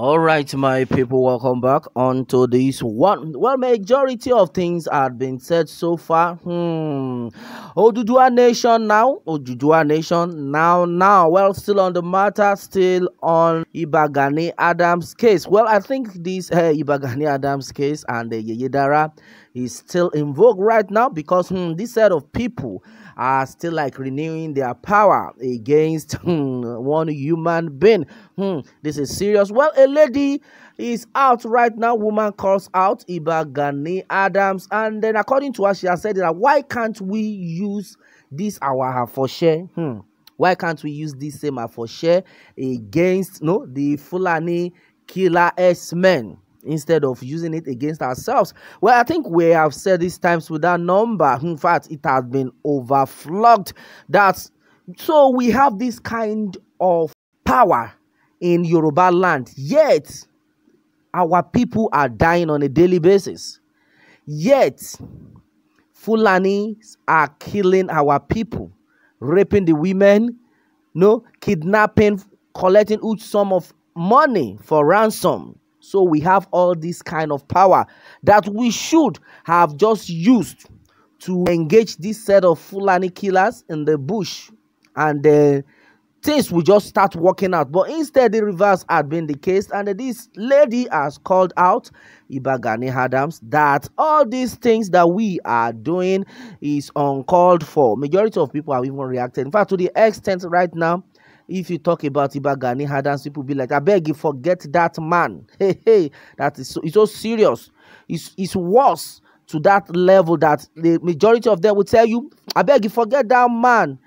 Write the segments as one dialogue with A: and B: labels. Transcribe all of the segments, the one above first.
A: all right my people welcome back onto this one well majority of things have been said so far hmm Odudua nation now Odudua nation now now well still on the matter still on Ibagani Adams case well I think this uh, Ibagani Adams case and the uh, is still in vogue right now because hmm, this set of people are still like renewing their power against hmm, one human being. Hmm, this is serious. Well, a lady is out right now. Woman calls out Ibagani Adams, and then according to her, she has said that why can't we use this our for share? Hmm. Why can't we use this same for share against no the Fulani killer S men? instead of using it against ourselves. Well, I think we have said these times with that number. In fact, it has been overflogged. That's so we have this kind of power in Yoruba land, yet our people are dying on a daily basis. Yet Fulani are killing our people, raping the women, no, kidnapping, collecting huge sum of money for ransom so we have all this kind of power that we should have just used to engage this set of Fulani killers in the bush and uh, things will just start working out. But instead, the reverse had been the case, and this lady has called out Ibagani Adams that all these things that we are doing is uncalled for. Majority of people have even reacted. In fact, to the extent right now, if you talk about Ibagani Hadans, people be like, I beg you, forget that man. Hey, hey, that is so, it's so serious. It's, it's worse to that level that the majority of them will tell you, I beg you, forget that man.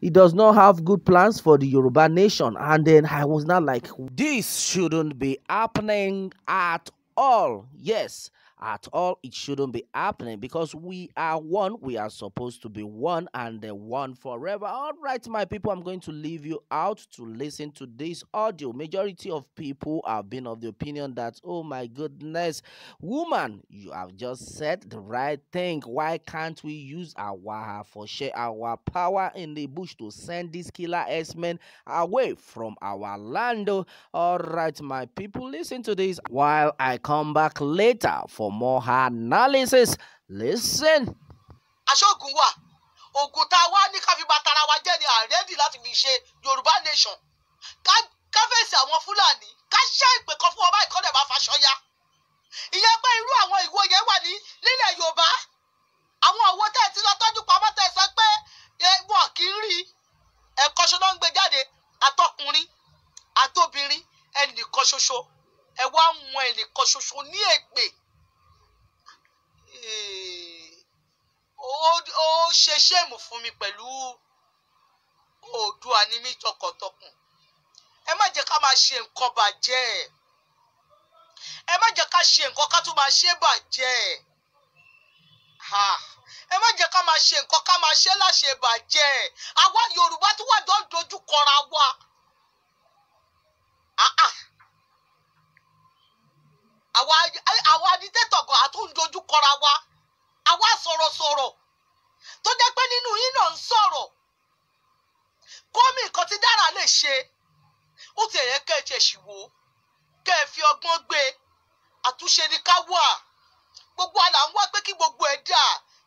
A: He does not have good plans for the Yoruba nation. And then I was not like, this shouldn't be happening at all. Yes, at all, it shouldn't be happening because we are one. We are supposed to be one and the one forever. All right, my people, I'm going to leave you out to listen to this audio. Majority of people have been of the opinion that, oh my goodness, woman, you have just said the right thing. Why can't we use our for share our power in the bush to send these killer S-men away from our land? All right, my people, listen to this while I come back later for more analysis. Listen.
B: aṣọ́gun wà ogun tá a wá ní ká fi ba tara wa jẹ́ ni àrẹ́dì láti fi ṣe Yorùbá nation ká fèsì àwọn Fúlàní ká ṣe ìpè kan fún ọba ìkọ́lẹ̀ bá faṣọ ya ìyẹn pé irú àwọn ìwòye wà ní nílẹ̀ Yorùbá àwọn òwò tẹ̀ ti lọ tọ́jú pamọ́ tẹ̀ sọ pé wọn kì í rí ẹ̀kọ́ ṣoṣo ń gbé jáde àtọkùnrin àtobìnrin ẹnìkan ṣoṣo ẹ wá wọn ẹnìkan ṣoṣo ní ègbè ó ṣe ṣéèmù fún mi pẹ̀lú oòdùà ní mí tọkàntọkàn ẹ má jẹ́ ká máa ṣe nǹkan bàjẹ́ ẹ má jẹ́ ká ṣe nǹkan ká tún máa ṣe bàjẹ́ ẹ má jẹ́ ká máa ṣe nǹkan ká máa ṣe láṣẹ bàjẹ́ àwa Yorùbá tó wà dán dojú kọra wa. kọra wa àwa sọ̀rọ̀sọ̀rọ̀ tó jẹ́ pé nínú yín náà ń sọ̀rọ̀ kọ́mì nǹkan tí dára lè ṣe ó ti ẹ̀yẹ kẹ́ ẹ ti ẹ̀ṣì wò ó kẹ́ ẹ fi ọgbọ́n gbé e. àtúnṣe ní ká wà gbogbo àlà ń wá pé kí gbogbo ẹ̀ dà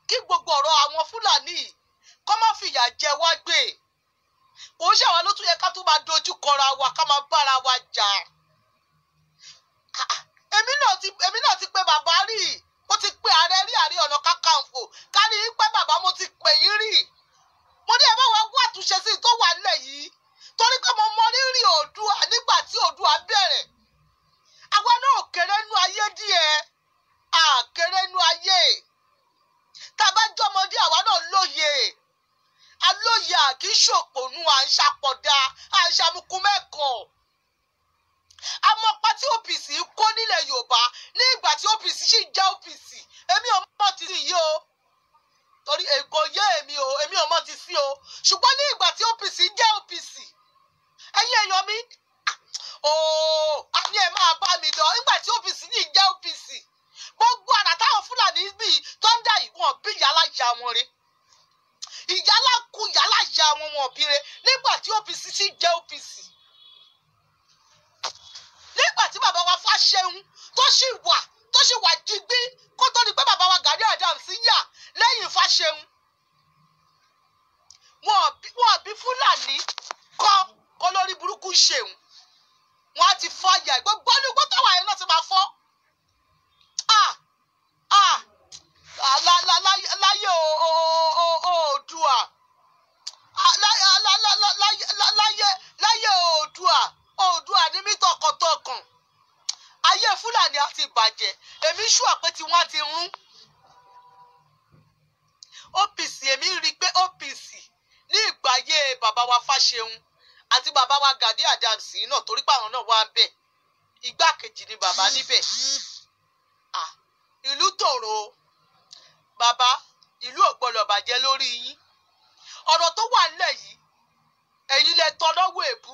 B: kí gbogbo ọ̀rọ̀ àwọn fúlàní kọ́ má fìyà jẹ wá gbé e. kò ń ṣàwọn ló tún yẹ ká tún máa dojú kọra wa ká máa bára wa jà èmi náà ti pé bàbá rí i mo ti pe ààrẹ rí Ààrẹ Ọ̀nà Kakanfò kárí pé bàbá mo ti pè yín rí mo ní ẹ bá wa wá àtúnṣe sí i tó wà nílẹ̀ yìí torí pé mo mọ rírì Oòduà nígbà tí Oòduà bẹ̀rẹ̀ àwa náà kéré nú ayé díẹ̀ àkéré nú ayé tàbá jọmọdé àwa náà lóye alóye àkíṣòpònú à ń ṣapọ̀dà à ń ṣamukú mẹ́kọ̀ọ́ amọ̀pá tí OPC kó nílẹ̀ Yorùbá ní ìgbà tí OPC sì jẹ́ OPC èmi ò mọ̀ ti sí yìí o torí èkó yé èmi o èmi ò mọ̀ ti sí o ṣùgbọ́n ní ìgbà. tó sì wà tó sì wà digbí kó tó di pé bàbá wa Gani Adams yà lẹ́yìn Fáṣẹ̀hùn wọn bí Fúlàní kọ́ kó lórí burúkú ṣeun wọn á ti fọ ìyá gbogbo rí ṣùà pé tí wọ́n ti rún OPC èmi rí i pé OPC ní ìgbà ayé bàbá wa Fáṣẹun àti bàbá wa Gani Adams yìí náà torí pàrọ̀ náà wá bẹ̀ igbákejì ni bàbá níbẹ̀ ìlú tòrò bàbá ìlú ò gbọ́dọ̀ bàjẹ́ lórí yín ọ̀rọ̀ tó wà nílẹ̀ yìí ẹ̀yin lẹ tọ́ lọ́wọ́ èébú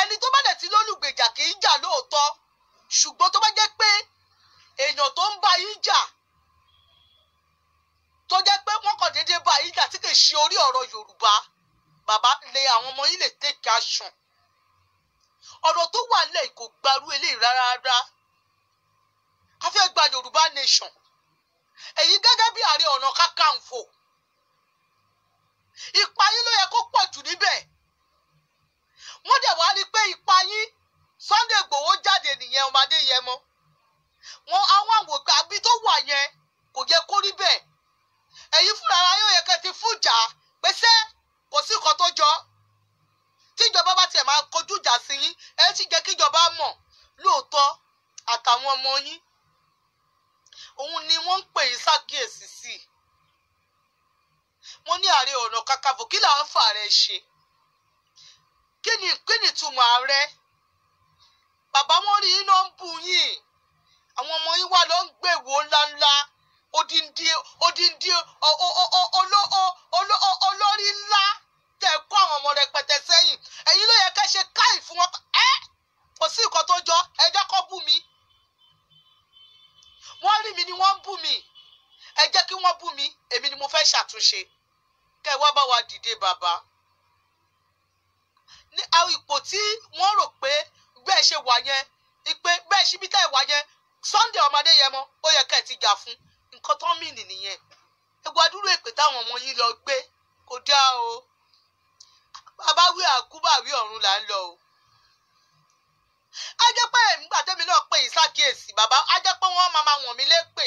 B: ẹni tó bá dẹ̀ ti lólùgbèjà kì í jà lóòótọ́ ṣùgbọ́n tó bá jẹ́ pé èèyàn tó ń bá yín jà tó jẹ́ pé wọ́n kàn déédéé bá yín jà tí kì í ṣe orí ọ̀rọ̀ Yorùbá bàbá lè àwọn ọmọ yín lè take action ọ̀rọ̀ tó wà lẹ̀ kò gbarú eléyìí rárá a fẹ́ gba Yorùbá nation èyí gẹ́gẹ́ bí Ààrẹ Ọ̀nà Kakanfò ipa yín ló yẹ kó pọ̀ jù níbẹ̀ yín ẹ ti jẹ́ kíjọba mọ̀ lóòótọ́ àtàwọn ọmọ yín òun ni wọ́n ń pè yín ṣàkíyèsí sí i wọ́n ní ààrẹ ọ̀nà kakafò kí làwọn fà rẹ ṣe kí ni kí ni ìtumọ̀ ààrẹ bàbá wọn rí iná ń bù yín bú mi ẹ jẹ́ kí wọ́n bú mi èmi ni mo fẹ́ ṣàtúnṣe kẹ́ ẹ wá bá wa dìde bàbá ní àwọn ipò tí wọ́n rò pé bẹ́ẹ̀ ṣe wà yẹn ìpè bẹ́ẹ̀ ṣíbí tẹ́ ẹ̀ wà yẹn Sunday ọmọdé yẹn mọ́ ó yẹ kẹ́ ẹ̀ ti jà fún nǹkan tán mìíní nìyẹn ẹgbẹ́ adúrú èpè táwọn ọmọ yín lọ gbé kò dáa o bàbá wí àkúbà wí ọ̀run là ń lọ o a jẹ́ pé nígbà tẹ́mi náà pè yín sákìyèsí bàbá a jẹ́ máa máa wọ̀n mí lépè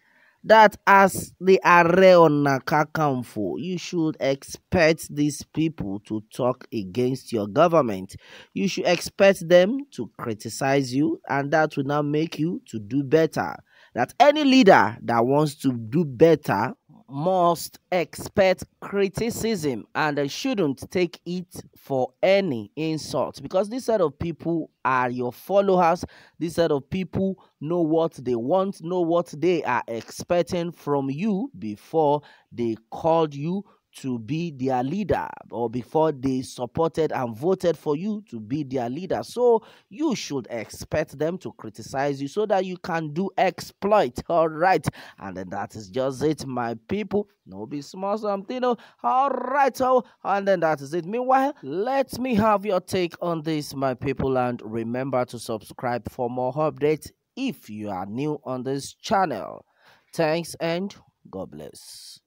A: that as the Are Ona Kakanfo, you should expect these people to talk against your government. You should expect them to criticize you, and that will now make you to do better. That any leader that wants to do better must expect criticism and shouldn't take it for any insult because this set of people are your followers. This set of people know what they want, know what they are expecting from you before they called you to be their leader or before they supported and voted for you to be their leader. So you should expect them to criticize you so that you can do exploit. All right. And then that is just it, my people. No be small something. Oh. All right. Oh. And then that is it. Meanwhile, let me have your take on this, my people. And remember to subscribe for more updates if you are new on this channel. Thanks and God bless.